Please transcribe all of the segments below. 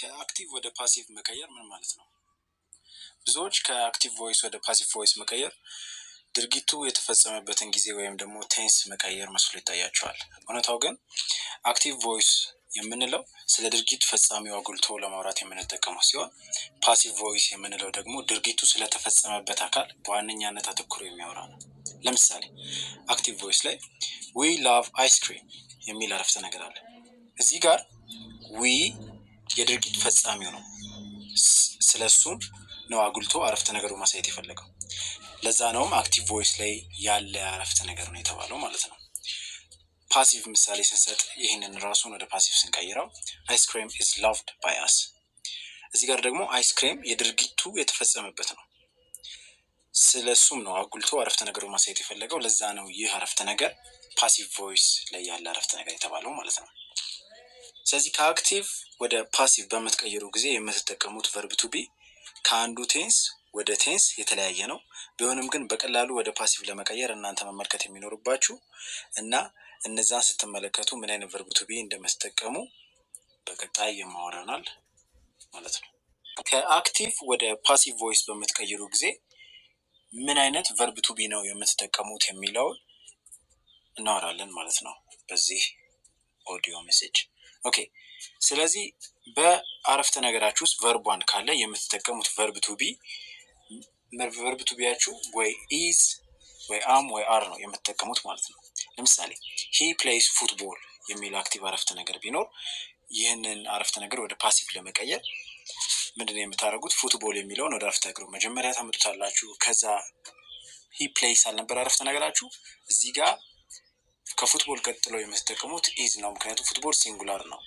ከአክቲቭ ወደ ፓሲቭ መቀየር ምን ማለት ነው? ብዙዎች ከአክቲቭ ቮይስ ወደ ፓሲቭ ቮይስ መቀየር ድርጊቱ የተፈጸመበትን ጊዜ ወይም ደግሞ ቴንስ መቀየር መስሎ ይታያቸዋል። እውነታው ግን አክቲቭ ቮይስ የምንለው ስለ ድርጊት ፈጻሚው አጉልቶ ለማውራት የምንጠቀመው ሲሆን ፓሲቭ ቮይስ የምንለው ደግሞ ድርጊቱ ስለተፈጸመበት አካል በዋነኛነት አተኩሮ የሚያወራ ነው። ለምሳሌ አክቲቭ ቮይስ ላይ ዊ ላቭ አይስክሪም የሚል አረፍተ ነገር አለ። እዚህ ጋር ዊ የድርጊት ፈጻሚው ነው። ስለ እሱም ነው አጉልቶ አረፍተ ነገሩ ማሳየት የፈለገው። ለዛ ነውም አክቲቭ ቮይስ ላይ ያለ አረፍተ ነገር ነው የተባለው ማለት ነው። ፓሲቭ ምሳሌ ስንሰጥ ይህንን ራሱን ወደ ፓሲቭ ስንቀይረው አይስክሬም ኢዝ ላቭድ ባይ አስ። እዚህ ጋር ደግሞ አይስክሬም የድርጊቱ የተፈጸመበት ነው። ስለ እሱም ነው አጉልቶ አረፍተ ነገሩ ማሳየት የፈለገው። ለዛ ነው ይህ አረፍተ ነገር ፓሲቭ ቮይስ ላይ ያለ አረፍተ ነገር የተባለው ማለት ነው። ስለዚህ ከአክቲቭ ወደ ፓሲቭ በምትቀይሩ ጊዜ የምትጠቀሙት ቨርብ ቱ ቢ ከአንዱ ቴንስ ወደ ቴንስ የተለያየ ነው። ቢሆንም ግን በቀላሉ ወደ ፓሲቭ ለመቀየር እናንተ መመልከት የሚኖርባችሁ እና እነዛን ስትመለከቱ ምን አይነት ቨርብ ቱ ቢ እንደምትጠቀሙ በቀጣይ የማወራናል ማለት ነው። ከአክቲቭ ወደ ፓሲቭ ቮይስ በምትቀይሩ ጊዜ ምን አይነት ቨርብ ቱ ቢ ነው የምትጠቀሙት የሚለውን እናወራለን ማለት ነው በዚህ ኦዲዮ ሜሴጅ ኦኬ። ስለዚህ በአረፍተ ነገራችሁ ውስጥ ቨርቧን ካለ የምትጠቀሙት ቨርብ ቱቢ ቨርብ ቱቢያችሁ ወይ ኢዝ ወይ አም ወይ አር ነው የምትጠቀሙት ማለት ነው። ለምሳሌ ሂ ፕሌይስ ፉትቦል የሚል አክቲቭ አረፍተ ነገር ቢኖር ይህንን አረፍተ ነገር ወደ ፓሲቭ ለመቀየር ምንድነው የምታደርጉት? ፉትቦል የሚለውን ወደ አረፍተ ነገሩ መጀመሪያ ታመጡታላችሁ። ከዛ ሂ ፕሌይስ አልነበር አረፍተ ነገራችሁ እዚህ ጋር ከፉትቦል ቀጥሎ የምትጠቀሙት ኢዝ ነው። ምክንያቱም ፉትቦል ሲንጉላር ነው።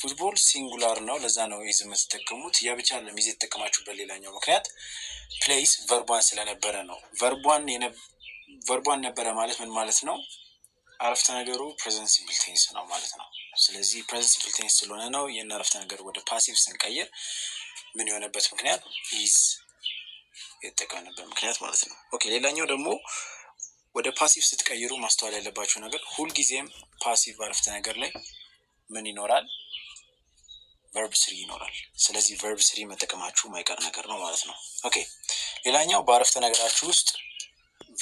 ፉትቦል ሲንጉላር ነው። ለዛ ነው ኢዝ የምትጠቀሙት። ያ ብቻ ለም ኢዝ የተጠቀማችሁበት ሌላኛው ምክንያት ፕሌይስ ቨርቧን ስለነበረ ነው። ቨርቧን ነበረ ማለት ምን ማለት ነው? አረፍተ ነገሩ ፕሬዘንት ሲምፕል ቴንስ ነው ማለት ነው። ስለዚህ ፕሬዘንት ሲምፕል ቴንስ ስለሆነ ነው ይህን አረፍተ ነገር ወደ ፓሲቭ ስንቀይር ምን የሆነበት ምክንያት ኢዝ የተጠቀምንበት ምክንያት ማለት ነው። ኦኬ ሌላኛው ደግሞ ወደ ፓሲቭ ስትቀይሩ ማስተዋል ያለባቸው ነገር ሁልጊዜም ፓሲቭ አረፍተ ነገር ላይ ምን ይኖራል? ቨርብ ስሪ ይኖራል። ስለዚህ ቨርብ ስሪ መጠቀማችሁ ማይቀር ነገር ነው ማለት ነው። ኦኬ ሌላኛው በአረፍተ ነገራችሁ ውስጥ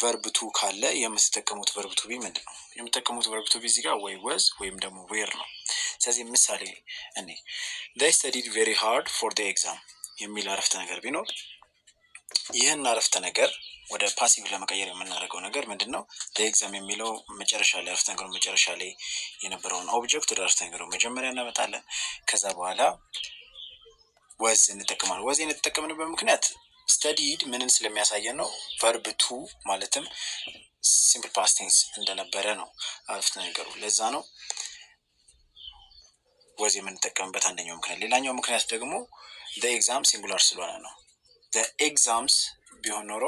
ቨርብቱ ካለ የምትጠቀሙት ቨርብቱ ቢ ምንድን ነው? የምትጠቀሙት ቨርብቱ ቢ እዚህ ጋር ወይ ወዝ ወይም ደግሞ ዌር ነው። ስለዚህ ምሳሌ እኔ ስተዲድ ቬሪ ሃርድ ፎር ኤግዛም የሚል አረፍተ ነገር ቢኖር ይህን አረፍተ ነገር ወደ ፓሲቭ ለመቀየር የምናደርገው ነገር ምንድን ነው? ኤግዛም የሚለው መጨረሻ ላይ አረፍተ ነገሩ መጨረሻ ላይ የነበረውን ኦብጀክት ወደ አረፍተ ነገሩ መጀመሪያ እናመጣለን። ከዛ በኋላ ወዝ እንጠቀማለን። ወዝ የተጠቀምንበት ምክንያት ስተዲድ ምንን ስለሚያሳየን ነው? ቨርብ ቱ ማለትም ሲምፕል ፓስት ቴንስ እንደነበረ ነው አረፍተ ነገሩ። ለዛ ነው ወዝ የምንጠቀምበት አንደኛው ምክንያት። ሌላኛው ምክንያት ደግሞ ኤግዛም ሲንጉላር ስለሆነ ነው። ኤግዛምስ ቢሆን ኖሮ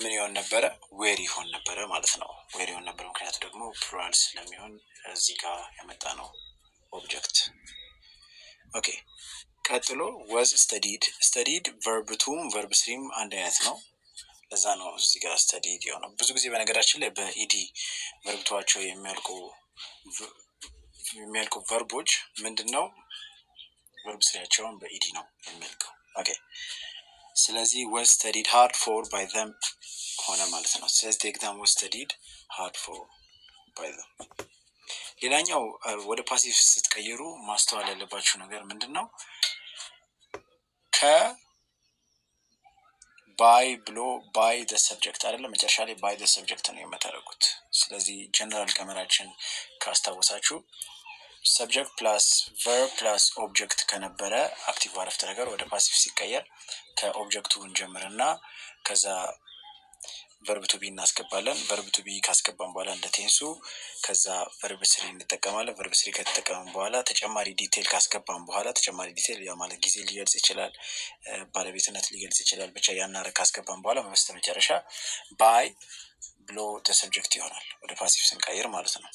ምን ይሆን ነበረ? ዌር ይሆን ነበረ ማለት ነው። ዌር ይሆን ነበረ ምክንያቱ ደግሞ ፕሉራል ስለሚሆን እዚህ ጋር ያመጣ ነው ኦብጀክት። ኦኬ ቀጥሎ ወዝ ስተዲድ ስተዲድ ቨርብ ቱም ቨርብ ስሪም አንድ አይነት ነው። ለዛ ነው እዚህ ጋር ስተዲድ የሆነው። ብዙ ጊዜ በነገራችን ላይ በኢዲ ቨርብ የሚያልቁ የሚያልቁ ቨርቦች ምንድን ነው ቨርብ ስሪያቸውን በኢዲ ነው የሚያልቀው። ስለዚህ ወዝ ስተዲድ ሀርድ ፎር ባይ ዘም ሆነ ማለት ነው። ስለዚህ ቴክ ወዝ ስተዲድ ፎር ባይ ዘም። ሌላኛው ወደ ፓሲቭ ስትቀይሩ ማስተዋል ያለባችሁ ነገር ምንድን ነው? ከባይ ብሎ ባይ ዘ ሰብጀክት አይደለም፣ መጨረሻ ላይ ባይ ዘ ሰብጀክት ነው የምታደርጉት። ስለዚህ ጀነራል ቀመራችን ካስታወሳችሁ ሰብጀክት ፕላስ ቨርብ ፕላስ ኦብጀክት ከነበረ አክቲቭ አረፍተ ነገር ወደ ፓሲቭ ሲቀየር ከኦብጀክቱ እንጀምርና ከዛ ቨርብ ቱቢ እናስገባለን። ቨርብ ቱቢ ካስገባን በኋላ እንደ ቴንሱ ከዛ ቨርብ ስሪ እንጠቀማለን። ቨርብ ስሪ ከተጠቀምን በኋላ ተጨማሪ ዲቴል ካስገባን በኋላ ተጨማሪ ዲቴል ያ ማለት ጊዜ ሊገልጽ ይችላል፣ ባለቤትነት ሊገልጽ ይችላል። ብቻ ያናረግ ካስገባን በኋላ በስተ መጨረሻ ባይ ብሎ ተሰብጀክት ይሆናል ወደ ፓሲቭ ስንቀይር ማለት ነው።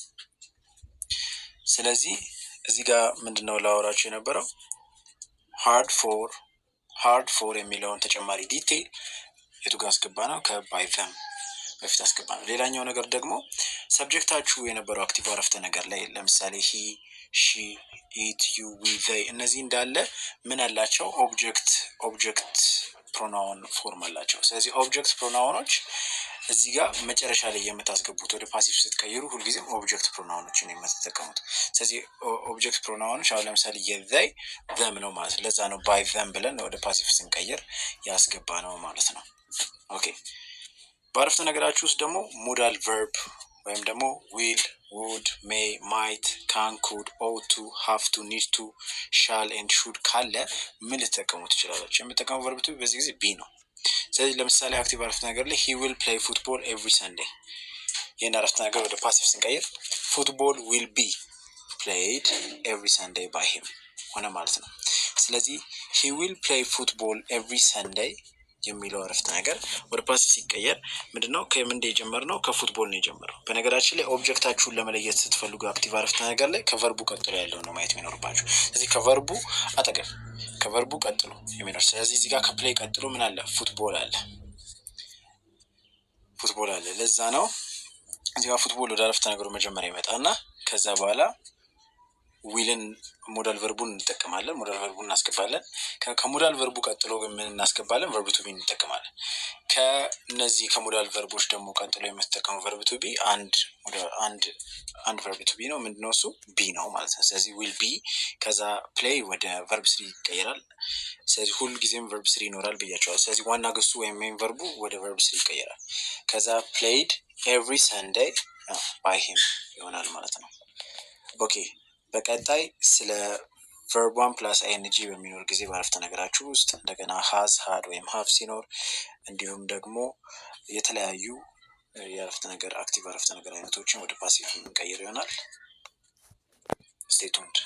ስለዚህ እዚህ ጋር ምንድን ነው ላወራችሁ የነበረው ሃርድ ፎር ሃርድ ፎር የሚለውን ተጨማሪ ዲቴል የቱ ጋር አስገባ ነው ከባይ በፊት አስገባ ነው። ሌላኛው ነገር ደግሞ ሰብጀክታችሁ የነበረው አክቲቭ አረፍተ ነገር ላይ ለምሳሌ ሂ፣ ሺ፣ ኢት፣ ዩ፣ ዊ፣ ዘይ እነዚህ እንዳለ ምን አላቸው? ኦብጀክት ኦብጀክት ፕሮናውን ፎርም አላቸው። ስለዚህ ኦብጀክት ፕሮናውኖች እዚህ ጋር መጨረሻ ላይ የምታስገቡት ወደ ፓሲቭ ስትቀይሩ ሁልጊዜም ኦብጀክት ፕሮናውኖችን የምትጠቀሙት። ስለዚህ ኦብጀክት ፕሮናውኖች አሁን ለምሳሌ የዘይ ዘም ነው ማለት ነው። ለዛ ነው ባይ ዘም ብለን ወደ ፓሲቭ ስንቀይር ያስገባ ነው ማለት ነው። ኦኬ በአረፍተ ነገራችሁ ውስጥ ደግሞ ሞዳል ቨርብ ወይም ደግሞ ዊል ውድ ሜይ ማይት ካን ኩድ ኦቱ ሀፍቱ ኒድቱ ሻል ኤንድ ሹድ ካለ ምን ልትጠቀሙ ትችላላችሁ? የምጠቀሙ ቨርብቱ በዚህ ጊዜ ቢ ነው። ስለዚህ ለምሳሌ አክቲቭ አረፍተ ነገር ላይ ሂ ዊል ፕሌይ ፉትቦል ኤቭሪ ሰንዴ። ይህን አረፍተ ነገር ወደ ፓሲቭ ስንቀይር ፉትቦል ዊል ቢ ፕሌይድ ኤቭሪ ሰንዴ ባይ ሂም ሆነ ማለት ነው። ስለዚህ ሂ ዊል ፕሌይ ፉትቦል ኤቭሪ ሰንዴ። የሚለው አረፍተ ነገር ወደ ፓስ ሲቀየር ምንድነው? ከምንድ የጀመርነው ከፉትቦል ነው የጀመረው። በነገራችን ላይ ኦብጀክታችሁን ለመለየት ስትፈልጉ አክቲቭ አረፍተ ነገር ላይ ከቨርቡ ቀጥሎ ያለው ነው ማየት የሚኖርባቸው። ስለዚህ ከቨርቡ አጠገብ ከቨርቡ ቀጥሎ የሚኖር ስለዚህ እዚህ ጋር ከፕሌይ ቀጥሎ ምን አለ? ፉትቦል አለ። ፉትቦል አለ። ለዛ ነው እዚህ ጋር ፉትቦል ወደ አረፍተ ነገሩ መጀመሪያ ይመጣና ከዛ በኋላ ዊልን ሞዳል ቨርቡን እንጠቀማለን። ሞዳል ቨርቡ እናስገባለን። ከሞዳል ቨርቡ ቀጥሎ ግን ምን እናስገባለን? ቨርብ ቱቢ እንጠቀማለን። ከነዚህ ከሞዳል ቨርቦች ደግሞ ቀጥሎ የምትጠቀመው ቨርብ ቱቢ አንድ አንድ ቨርብ ቱቢ ነው። ምንድነው እሱ? ቢ ነው ማለት ነው። ስለዚህ ዊል ቢ፣ ከዛ ፕሌይ ወደ ቨርብ ስሪ ይቀየራል። ስለዚህ ሁሉ ጊዜም ቨርብ ስሪ ይኖራል ብያቸዋል። ስለዚህ ዋና ገሱ ወይም ሜን ቨርቡ ወደ ቨርብ ስሪ ይቀየራል። ከዛ ፕሌይድ ኤቭሪ ሰንደይ ባይ ሂም ይሆናል ማለት ነው። ኦኬ በቀጣይ ስለ ቨርብ ዋን ፕላስ አይንጂ በሚኖር ጊዜ በአረፍተ ነገራችሁ ውስጥ እንደገና ሀዝ ሀድ ወይም ሀፍ ሲኖር እንዲሁም ደግሞ የተለያዩ የአረፍተ ነገር አክቲቭ አረፍተ ነገር አይነቶችን ወደ ፓሲቭ የምንቀይር ይሆናል። ስቴቱንድ